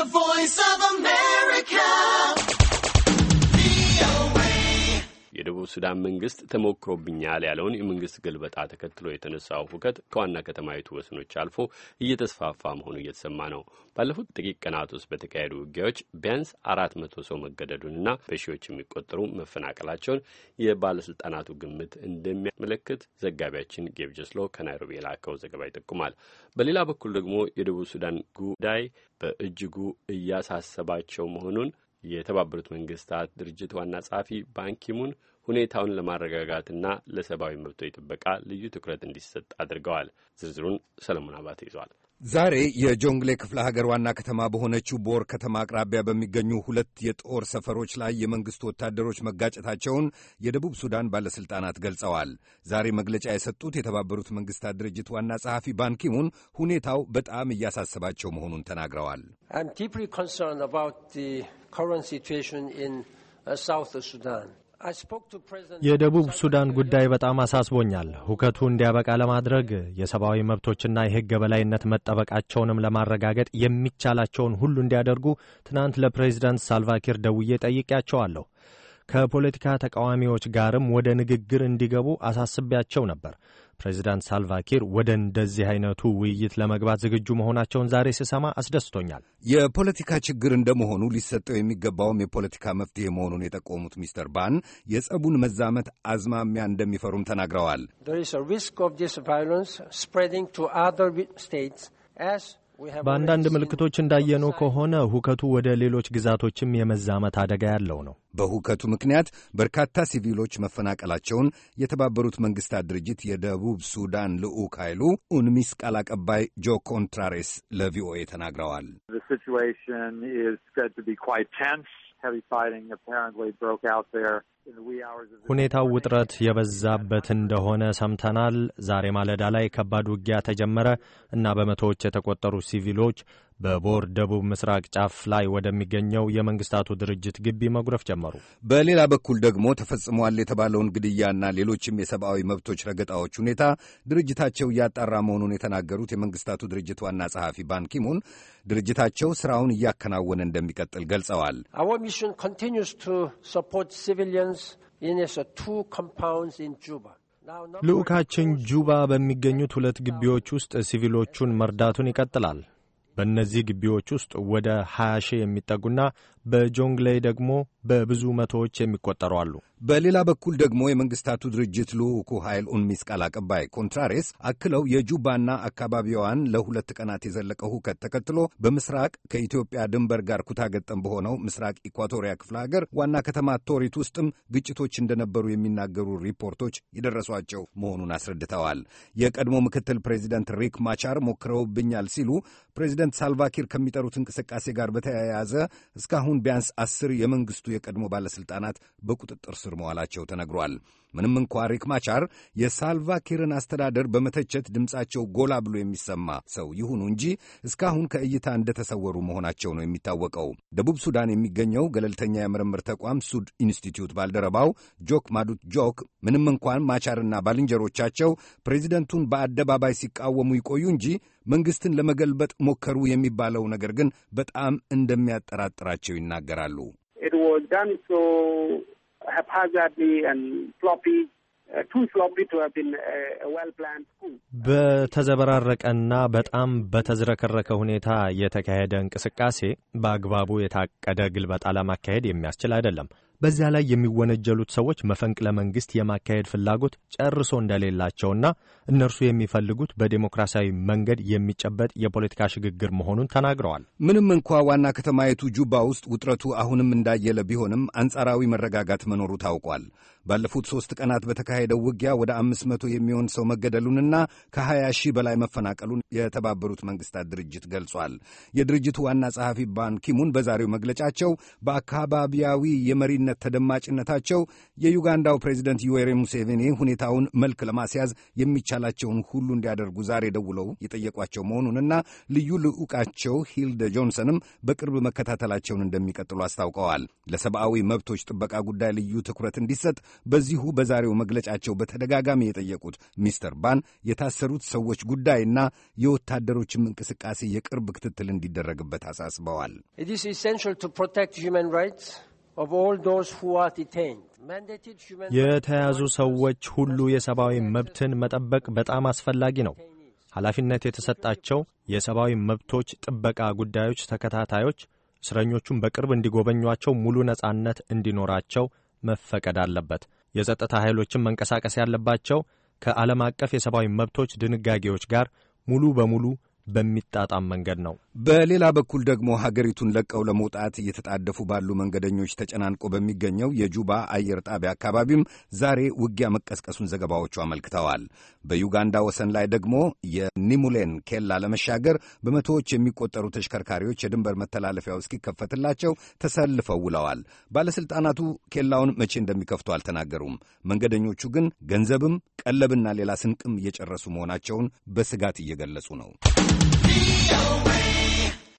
The Voice of a man. የደቡብ ሱዳን መንግስት ተሞክሮብኛል ያለውን የመንግስት ግልበጣ ተከትሎ የተነሳው ሁከት ከዋና ከተማይቱ ወሰኖች አልፎ እየተስፋፋ መሆኑ እየተሰማ ነው። ባለፉት ጥቂት ቀናት ውስጥ በተካሄዱ ውጊያዎች ቢያንስ አራት መቶ ሰው መገደዱንና በሺዎች የሚቆጠሩ መፈናቀላቸውን የባለስልጣናቱ ግምት እንደሚያመለክት ዘጋቢያችን ጌብጀስሎ ከናይሮቢ የላከው ዘገባ ይጠቁማል። በሌላ በኩል ደግሞ የደቡብ ሱዳን ጉዳይ በእጅጉ እያሳሰባቸው መሆኑን የተባበሩት መንግስታት ድርጅት ዋና ጸሐፊ ባንኪሙን ሁኔታውን ለማረጋጋትና ለሰብአዊ መብቶች ጥበቃ ልዩ ትኩረት እንዲሰጥ አድርገዋል። ዝርዝሩን ሰለሞን አባት ይዟል። ዛሬ የጆንግሌ ክፍለ ሀገር ዋና ከተማ በሆነችው ቦር ከተማ አቅራቢያ በሚገኙ ሁለት የጦር ሰፈሮች ላይ የመንግስቱ ወታደሮች መጋጨታቸውን የደቡብ ሱዳን ባለሥልጣናት ገልጸዋል። ዛሬ መግለጫ የሰጡት የተባበሩት መንግስታት ድርጅት ዋና ጸሐፊ ባንኪሙን ሁኔታው በጣም እያሳሰባቸው መሆኑን ተናግረዋል። current situation in uh, South Sudan. የደቡብ ሱዳን ጉዳይ በጣም አሳስቦኛል። ሁከቱ እንዲያበቃ ለማድረግ የሰብአዊ መብቶችና የሕግ የበላይነት መጠበቃቸውንም ለማረጋገጥ የሚቻላቸውን ሁሉ እንዲያደርጉ ትናንት ለፕሬዚዳንት ሳልቫኪር ደውዬ ጠይቄያቸዋለሁ። ከፖለቲካ ተቃዋሚዎች ጋርም ወደ ንግግር እንዲገቡ አሳስቤያቸው ነበር። ፕሬዚዳንት ሳልቫኪር ወደ እንደዚህ አይነቱ ውይይት ለመግባት ዝግጁ መሆናቸውን ዛሬ ስሰማ አስደስቶኛል። የፖለቲካ ችግር እንደመሆኑ ሊሰጠው የሚገባውም የፖለቲካ መፍትሄ መሆኑን የጠቆሙት ሚስተር ባን የጸቡን መዛመት አዝማሚያ እንደሚፈሩም ተናግረዋል። በአንዳንድ ምልክቶች እንዳየነው ከሆነ ሁከቱ ወደ ሌሎች ግዛቶችም የመዛመት አደጋ ያለው ነው። በሁከቱ ምክንያት በርካታ ሲቪሎች መፈናቀላቸውን የተባበሩት መንግስታት ድርጅት የደቡብ ሱዳን ልዑክ ኃይሉ ኡንሚስ ቃል አቀባይ ጆ ኮንትራሬስ ለቪኦኤ ተናግረዋል። ሁኔታው ውጥረት የበዛበት እንደሆነ ሰምተናል። ዛሬ ማለዳ ላይ ከባድ ውጊያ ተጀመረ እና በመቶዎች የተቆጠሩ ሲቪሎች በቦር ደቡብ ምስራቅ ጫፍ ላይ ወደሚገኘው የመንግስታቱ ድርጅት ግቢ መጉረፍ ጀመሩ። በሌላ በኩል ደግሞ ተፈጽሟል የተባለውን ግድያና ሌሎችም የሰብአዊ መብቶች ረገጣዎች ሁኔታ ድርጅታቸው እያጣራ መሆኑን የተናገሩት የመንግስታቱ ድርጅት ዋና ጸሐፊ ባንኪሙን ድርጅታቸው ስራውን እያከናወነ እንደሚቀጥል ገልጸዋል። ልዑካችን ጁባ በሚገኙት ሁለት ግቢዎች ውስጥ ሲቪሎቹን መርዳቱን ይቀጥላል። በእነዚህ ግቢዎች ውስጥ ወደ 20 ሺህ የሚጠጉና በጆንግሌይ ደግሞ በብዙ መቶዎች የሚቆጠሩ አሉ። በሌላ በኩል ደግሞ የመንግስታቱ ድርጅት ልዑኩ ኃይል ኡንሚስ ቃል አቀባይ ኮንትራሬስ አክለው የጁባና አካባቢዋን ለሁለት ቀናት የዘለቀ ሁከት ተከትሎ በምስራቅ ከኢትዮጵያ ድንበር ጋር ኩታገጠም በሆነው ምስራቅ ኢኳቶሪያ ክፍለ ሀገር ዋና ከተማ ቶሪት ውስጥም ግጭቶች እንደነበሩ የሚናገሩ ሪፖርቶች የደረሷቸው መሆኑን አስረድተዋል። የቀድሞ ምክትል ፕሬዚደንት ሪክ ማቻር ሞክረውብኛል ሲሉ ፕሬዚደንት ፕሬዚዳንት ሳልቫኪር ከሚጠሩት እንቅስቃሴ ጋር በተያያዘ እስካሁን ቢያንስ አስር የመንግስቱ የቀድሞ ባለሥልጣናት በቁጥጥር ስር መዋላቸው ተነግሯል። ምንም እንኳ ሪክ ማቻር የሳልቫኪርን አስተዳደር በመተቸት ድምፃቸው ጎላ ብሎ የሚሰማ ሰው ይሁኑ እንጂ እስካሁን ከእይታ እንደተሰወሩ መሆናቸው ነው የሚታወቀው። ደቡብ ሱዳን የሚገኘው ገለልተኛ የምርምር ተቋም ሱድ ኢንስቲትዩት ባልደረባው ጆክ ማዱት ጆክ ምንም እንኳን ማቻርና ባልንጀሮቻቸው ፕሬዚደንቱን በአደባባይ ሲቃወሙ ይቆዩ እንጂ መንግስትን ለመገልበጥ ሞከሩ የሚባለው ነገር ግን በጣም እንደሚያጠራጥራቸው ይናገራሉ። uh, uh, በተዘበራረቀና በጣም በተዝረከረከ ሁኔታ የተካሄደ እንቅስቃሴ በአግባቡ የታቀደ ግልበጣ ለማካሄድ የሚያስችል አይደለም። በዚያ ላይ የሚወነጀሉት ሰዎች መፈንቅለ መንግስት የማካሄድ ፍላጎት ጨርሶ እንደሌላቸውና እነርሱ የሚፈልጉት በዴሞክራሲያዊ መንገድ የሚጨበጥ የፖለቲካ ሽግግር መሆኑን ተናግረዋል። ምንም እንኳ ዋና ከተማይቱ ጁባ ውስጥ ውጥረቱ አሁንም እንዳየለ ቢሆንም አንጻራዊ መረጋጋት መኖሩ ታውቋል። ባለፉት ሦስት ቀናት በተካሄደው ውጊያ ወደ አምስት መቶ የሚሆን ሰው መገደሉንና ከሀያ ሺህ በላይ መፈናቀሉን የተባበሩት መንግስታት ድርጅት ገልጿል። የድርጅቱ ዋና ጸሐፊ ባንኪሙን በዛሬው መግለጫቸው በአካባቢያዊ የመሪነት ተደማጭነታቸው የዩጋንዳው ፕሬዚደንት ዩዌሪ ሙሴቬኒ ሁኔታውን መልክ ለማስያዝ የሚቻላቸውን ሁሉ እንዲያደርጉ ዛሬ ደውለው የጠየቋቸው መሆኑንና ልዩ ልዑቃቸው ሂልደ ጆንሰንም በቅርብ መከታተላቸውን እንደሚቀጥሉ አስታውቀዋል። ለሰብአዊ መብቶች ጥበቃ ጉዳይ ልዩ ትኩረት እንዲሰጥ በዚሁ በዛሬው መግለጫቸው በተደጋጋሚ የጠየቁት ሚስተር ባን የታሰሩት ሰዎች ጉዳይና የወታደሮችም እንቅስቃሴ የቅርብ ክትትል እንዲደረግበት አሳስበዋል። የተያዙ ሰዎች ሁሉ የሰብአዊ መብትን መጠበቅ በጣም አስፈላጊ ነው። ኃላፊነት የተሰጣቸው የሰብአዊ መብቶች ጥበቃ ጉዳዮች ተከታታዮች እስረኞቹን በቅርብ እንዲጎበኟቸው ሙሉ ነጻነት እንዲኖራቸው መፈቀድ አለበት። የጸጥታ ኃይሎችን መንቀሳቀስ ያለባቸው ከዓለም አቀፍ የሰብአዊ መብቶች ድንጋጌዎች ጋር ሙሉ በሙሉ በሚጣጣም መንገድ ነው። በሌላ በኩል ደግሞ ሀገሪቱን ለቀው ለመውጣት እየተጣደፉ ባሉ መንገደኞች ተጨናንቆ በሚገኘው የጁባ አየር ጣቢያ አካባቢም ዛሬ ውጊያ መቀስቀሱን ዘገባዎቹ አመልክተዋል። በዩጋንዳ ወሰን ላይ ደግሞ የኒሙሌን ኬላ ለመሻገር በመቶዎች የሚቆጠሩ ተሽከርካሪዎች የድንበር መተላለፊያው እስኪከፈትላቸው ተሰልፈው ውለዋል። ባለሥልጣናቱ ኬላውን መቼ እንደሚከፍቱ አልተናገሩም። መንገደኞቹ ግን ገንዘብም ቀለብና ሌላ ስንቅም እየጨረሱ መሆናቸውን በስጋት እየገለጹ ነው። Be away.